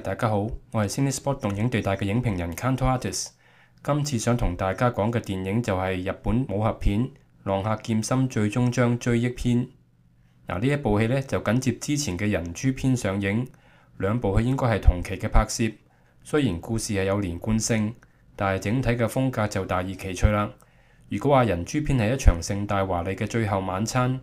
大家好，我係 CineSpot 動映地帶嘅影評人 Kantorates。今次想同大家講嘅電影就係日本武俠片《浪客劍心》最終章追憶篇。嗱，呢一部戲咧就緊接之前嘅人誅篇上映，兩部戲應該係同期嘅拍攝。雖然故事係有連貫性，但係整體嘅風格就大異其趣啦。如果話人誅篇係一場盛大華麗嘅最後晚餐，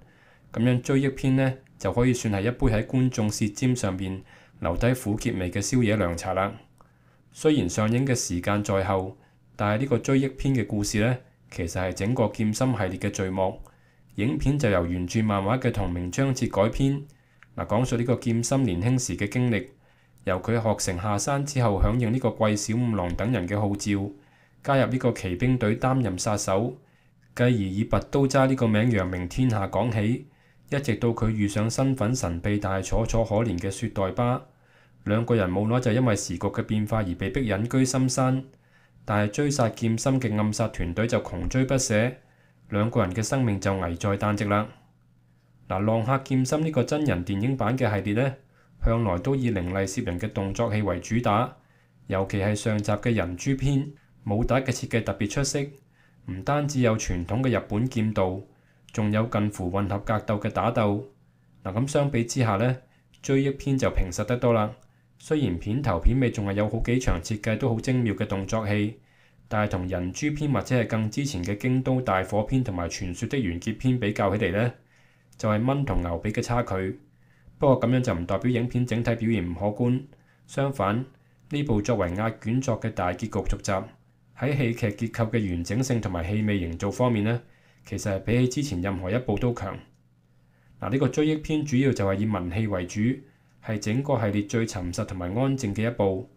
咁樣追憶篇呢，就可以算係一杯喺觀眾舌尖上邊，留低苦澀味嘅宵夜涼茶啦。雖然上映嘅時間在後，但係呢個追憶篇嘅故事呢，其實係整個劍心系列嘅序幕。影片就由原著漫畫嘅同名章節改編，嗱，講述呢個劍心年輕時嘅經歷。由佢學成下山之後，響應呢個桂小五郎等人嘅號召，加入呢個奇兵隊擔任殺手，繼而以拔刀齋呢個名揚名天下講起。一直到佢遇上身份神秘但係楚楚可憐嘅雪代巴，兩個人冇耐就因為時局嘅變化而被迫隱居深山，但係追殺劍心嘅暗殺團隊就窮追不捨，兩個人嘅生命就危在旦夕啦。嗱，浪客劍心呢個真人電影版嘅系列呢，向來都以凌厲攝人嘅動作戲為主打，尤其係上集嘅人誅篇，武打嘅設計特別出色，唔單止有傳統嘅日本劍道。仲有近乎混合格鬥嘅打鬥。嗱，咁相比之下呢，《追憶篇》就平實得多啦。雖然片頭片尾仲係有好幾場設計都好精妙嘅動作戲，但係同人誅篇或者係更之前嘅《京都大火篇》同埋《傳說的完結篇》比較起嚟呢就係、是、蚊同牛髀嘅差距。不過咁樣就唔代表影片整體表現唔可觀，相反呢部作為壓卷作嘅大結局續集，喺戲劇結構嘅完整性同埋戲味營造方面咧。其實係比起之前任何一部都強。嗱，呢個追憶篇主要就係以文戲為主，係整個系列最沉實同埋安靜嘅一部。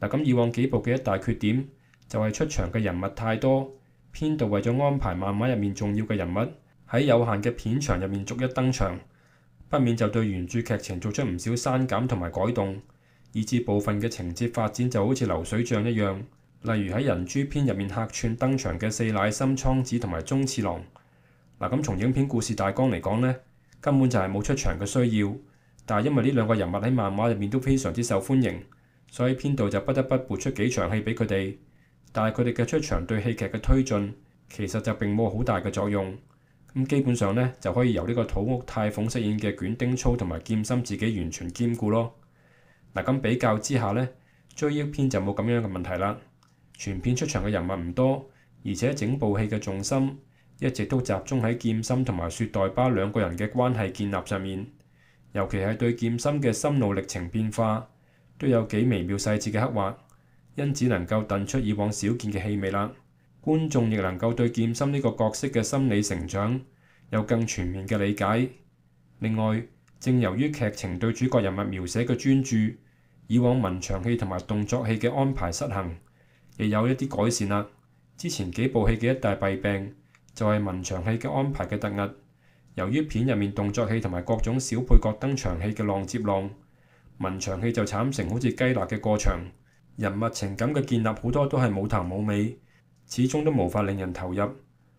嗱，咁以往幾部嘅一大缺點就係出場嘅人物太多，編導為咗安排漫畫入面重要嘅人物喺有限嘅片場入面逐一登場，不免就對原著劇情做出唔少刪減同埋改動，以致部分嘅情節發展就好似流水帳一樣。例如喺人誅篇入面客串登場嘅四乃森蒼紫同埋宗次郎。嗱，咁從影片故事大綱嚟講，呢根本就係冇出場嘅需要，但係因為呢兩個人物喺漫畫入面都非常之受歡迎，所以編導就不得不撥出幾場戲俾佢哋。但係佢哋嘅出場對戲劇嘅推進其實就並冇好大嘅作用。咁基本上呢，就可以由呢個土屋太鳳飾演嘅卷町操同埋劍心自己完全兼顧咯。嗱，咁比較之下呢，追憶篇就冇咁樣嘅問題啦。全片出場嘅人物唔多，而且整部戲嘅重心，一直都集中喺劍心同埋雪代巴兩個人嘅關係建立上面，尤其係對劍心嘅心路歷程變化都有幾微妙細節嘅刻畫，因此能夠燉出以往少見嘅氣味啦。觀眾亦能夠對劍心呢個角色嘅心理成長有更全面嘅理解。另外，正由於劇情對主角人物描寫嘅專注，以往文場戲同埋動作戲嘅安排失衡，亦有一啲改善啦。之前幾部戲嘅一大弊病。就係文場戲嘅安排嘅突兀。由於片入面動作戲同埋各種小配角登場戲嘅浪接浪，文場戲就慘成好似雞肋嘅過場。人物情感嘅建立好多都係冇頭冇尾，始終都無法令人投入。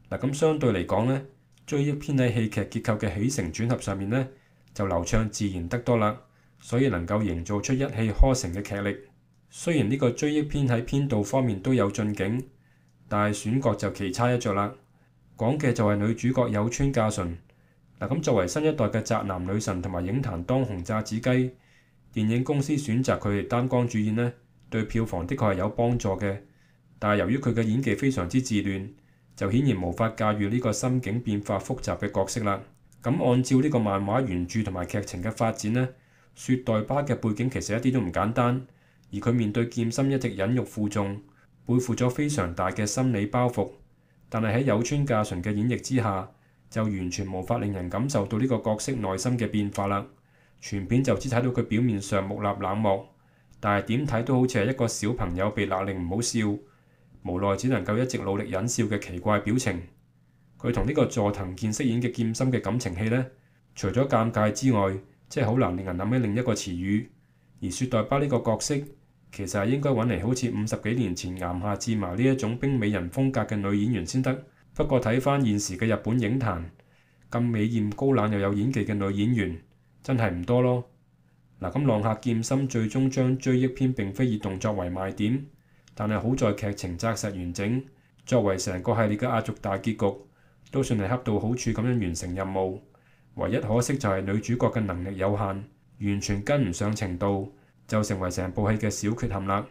嗱，咁相對嚟講呢，追憶篇喺戲劇結構嘅起承轉合上面呢，就流暢自然得多啦，所以能夠營造出一氣呵成嘅劇力。雖然呢個追憶篇喺編導方面都有進境，但係選角就奇差一著啦。講嘅就係女主角有村架純。嗱，咁作為新一代嘅宅男女神同埋影壇當紅炸子雞，電影公司選擇佢哋擔綱主演呢，對票房的確係有幫助嘅。但係由於佢嘅演技非常之自戀，就顯然無法駕馭呢個心境變化複雜嘅角色啦。咁按照呢個漫畫原著同埋劇情嘅發展呢，雪代巴嘅背景其實一啲都唔簡單，而佢面對劍心一直忍辱負重，背負咗非常大嘅心理包袱。但係喺有村架純嘅演繹之下，就完全無法令人感受到呢個角色內心嘅變化啦。全片就只睇到佢表面上木訥冷漠，但係點睇都好似係一個小朋友被勒令唔好笑，無奈只能夠一直努力忍笑嘅奇怪表情。佢同呢個佐藤健飾演嘅劍心嘅感情戲呢，除咗尷尬之外，即係好難令人諗起另一個詞語。而雪代巴呢個角色。其實係應該揾嚟好似五十幾年前岩下志麻呢一種冰美人風格嘅女演員先得。不過睇翻現時嘅日本影壇，咁美豔、高冷又有演技嘅女演員真係唔多咯。嗱、啊，咁《浪客劍心》最終章追憶篇並非以動作為賣點，但係好在劇情紮實完整。作為成個系列嘅壓軸大結局，都算係恰到好處咁樣完成任務。唯一可惜就係女主角嘅能力有限，完全跟唔上程度。就成為成部戲嘅小缺陷啦。